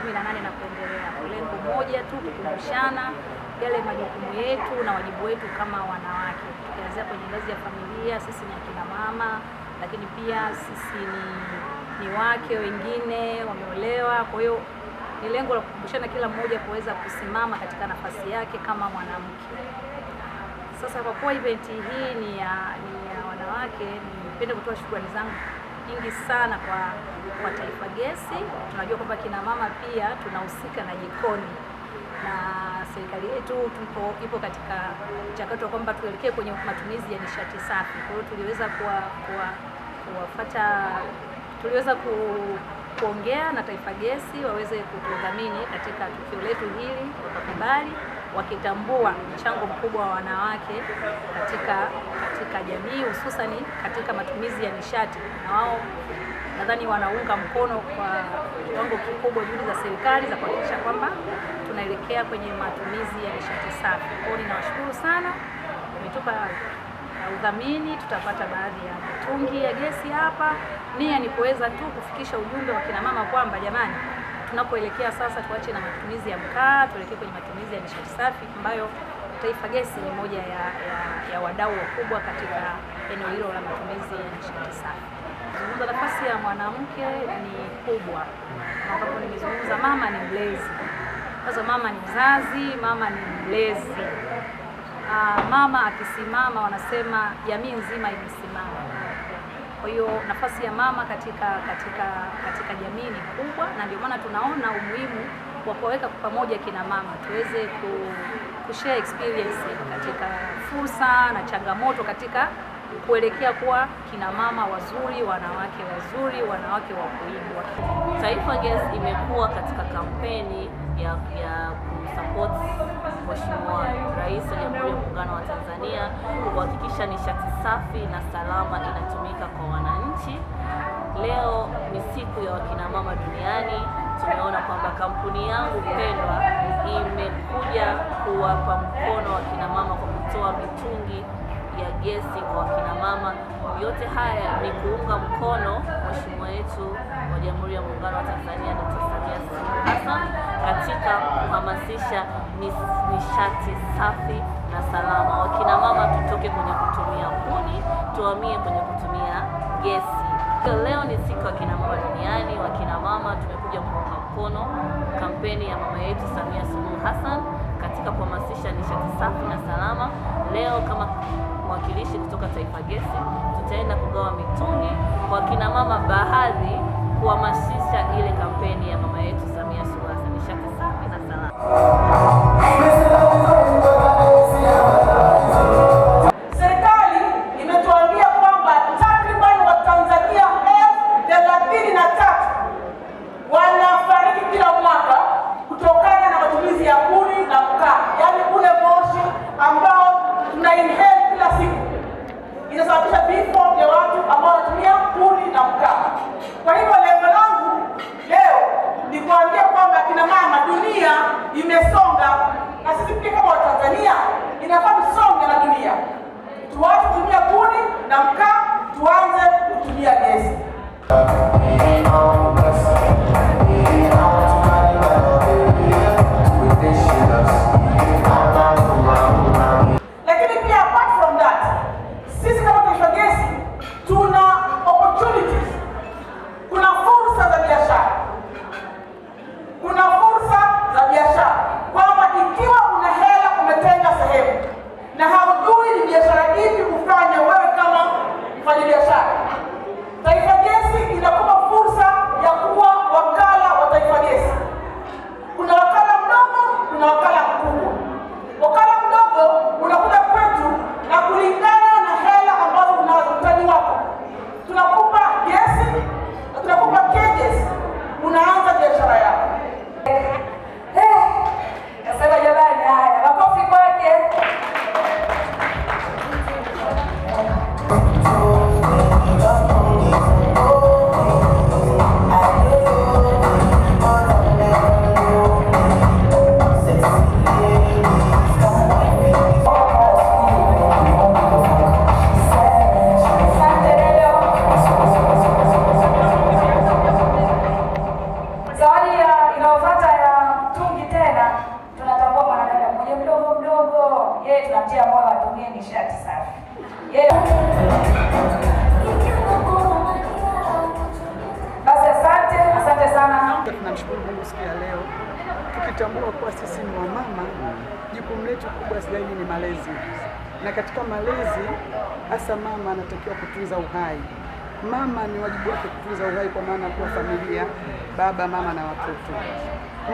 kumi na nane na kuendelea. Lengo moja tu, kukumbushana yale majukumu yetu na wajibu wetu kama wanawake, tukianzia kwenye ngazi ya familia. Sisi ni akina mama, lakini pia sisi ni, ni wake wengine wameolewa. Kwa hiyo ni lengo la kukumbushana kila mmoja kuweza kusimama katika nafasi yake kama mwanamke. Sasa kwa kuwa eventi hii ni ya, ni ya wanawake, nipende kutoa shukrani zangu nyingi sana kwa, kwa Taifa Gesi. Tunajua kwamba kina mama pia tunahusika na jikoni na serikali yetu tupo ipo katika mchakato kwamba tuelekee kwenye matumizi ya nishati safi. Kwa hiyo tuliweza kuwafuata tuliweza ku kuongea na Taifa Gesi waweze kutudhamini katika tukio letu hili, wakakubali wakitambua mchango mkubwa wa wanawake katika katika jamii hususani katika matumizi ya nishati, na wao nadhani wanaunga mkono kwa kiwango kikubwa juhudi za serikali za kuhakikisha kwamba tunaelekea kwenye matumizi ya nishati safi. Kwao ninawashukuru sana, umetupa na udhamini, tutapata baadhi ya mitungi ya gesi hapa. Nia ni kuweza tu kufikisha ujumbe wa kina mama kwamba jamani, tunapoelekea sasa tuache na matumizi ya mkaa, tuelekee kwenye matumizi ya nishati safi ambayo Taifa Gesi ni moja ya, ya, ya wadau wakubwa katika eneo hilo la matumizi ya nishati safi. Kuzungumza nafasi ya mwanamke ni kubwa, ambapo nimezungumza mama ni mlezi. Sasa mama ni mzazi, mama ni mlezi uh, mama akisimama wanasema jamii nzima imesimama. Kwa hiyo nafasi ya mama katika katika katika jamii ni kubwa, na ndio maana tunaona umuhimu wa kuwaweka pamoja kina mama tuweze kushare experience katika fursa na changamoto katika kuelekea kuwa kina mama wazuri, wanawake wazuri, wanawake wa kuigwa. Taifa Gas imekuwa katika kampeni ya, ya kumsupport Mheshimiwa Rais wa Jamhuri ya Muungano wa Tanzania kuhakikisha nishati safi na salama inatumika kwa wananchi. Leo ni siku ya wakinamama duniani. Tumeona kwamba kampuni yangu pendwa imekuja kuwapa mkono wakinamama kwa kutoa mitungi ya gesi kwa kina mama. Yote haya ni kuunga mkono mheshimiwa wetu wa Jamhuri ya Muungano wa Tanzania Dkt. Samia Suluhu Hassan katika kuhamasisha nishati safi na salama. Wakina mama, tutoke kwenye kutumia kuni, tuhamie kwenye kutumia gesi. Leo ni siku ya kina mama duniani. Wakina mama tumekuja kuunga mkono kampeni ya mama yetu Samia Suluhu Hassan katika kuhamasisha nishati safi na salama. Leo kama mwakilishi kutoka Taifa Gesi tutaenda kugawa mitungi kwa kina mama baadhi, kuhamasisha ile kampeni ya mama yetu yeye tunatia moyo atumie nishati safi Basi asante, asante sana. Tunamshukuru Mungu siku ya leo tukitambua kuwa sisi ni wamama, jukumu letu kubwa zaidi ni malezi, na katika malezi hasa mama anatakiwa kutunza uhai Mama ni wajibu wake kutunza uhai, kwa maana kuwa familia, baba, mama na watoto.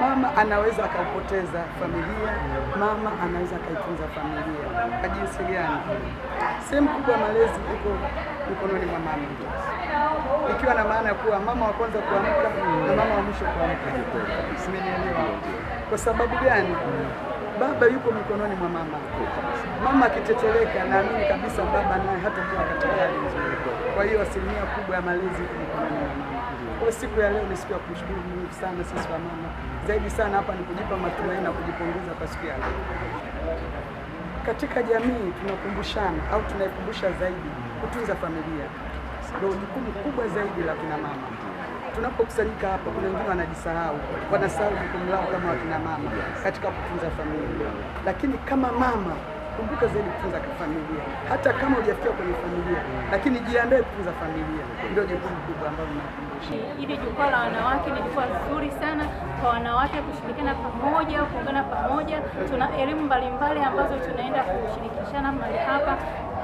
Mama anaweza akaupoteza familia, mama anaweza akaitunza familia kwa jinsi gani? Sehemu kubwa ya malezi iko mikononi mwa mama, ikiwa na maana ya kuwa mama wa kwanza kuamka na mama wa mwisho kuamka. Simenielewa? Kwa sababu gani? baba yuko mikononi mwa mama. Mama akiteteleka, naamini kabisa baba naye hatakuwa katika hali nzuri. Kwa hiyo asilimia kubwa ya malezi iko mikononi mwa mama. Kwa siku ya leo ni siku ya kumshukuru Mungu sana sisi wa mama, zaidi sana hapa ni kujipa matumaini na kujipongeza kwa siku ya leo. Katika jamii tunakumbushana au tunaikumbusha zaidi kutunza familia, ndio jukumu kubwa zaidi la kina mama tunapokusanyika hapa, kuna wengine wanajisahau, wanasahau jukumu lao kama wakina mama katika kutunza familia, lakini kama mama kumbuka zaidi kutunza familia. Hata kama hujafikia kwenye familia, lakini jiandae kutunza familia, ndio jukumu kubwa ambalo nakumbusha. Hili jukwaa la wanawake ni jukwaa zuri sana kwa wanawake kushirikiana pamoja, kuungana pamoja. Tuna elimu mbalimbali ambazo tunaenda kushirikishana mahali hapa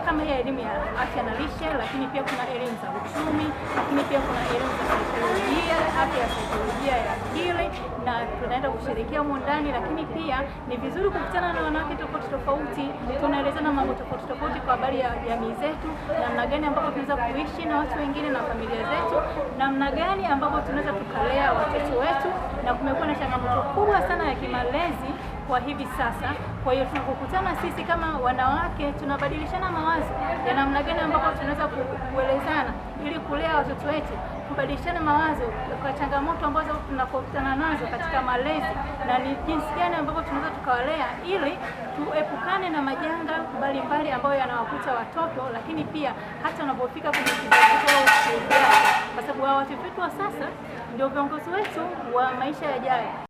kama hii elimu ya afya na lishe, lakini pia kuna elimu za uchumi, lakini pia kuna elimu za saikolojia, afya ya saikolojia ya akili, na tunaenda kushirikia humo ndani. Lakini pia ni vizuri kukutana na wanawake tofauti tofauti, tunaelezana mambo tofauti tofauti kwa habari ya jamii zetu, namna gani ambapo tunaweza kuishi na watu wengine na familia zetu, namna gani ambapo tunaweza tukalea watoto wetu na kumekuwa na changamoto kubwa sana ya kimalezi kwa hivi sasa. Kwa hiyo tunapokutana sisi kama wanawake, tunabadilishana mawazo ya namna gani ambapo tunaweza kuelezana ili kulea watoto wetu, kubadilishana mawazo kwa changamoto ambazo tunakutana nazo katika malezi na ni jinsi gani ambapo tunaweza tukawalea ili tuepukane na majanga mbalimbali ambayo yanawakuta watoto, lakini pia hata wanapofika kwenye kwa sababu watoto wetu wa sasa ndio viongozi wetu wa maisha yajayo.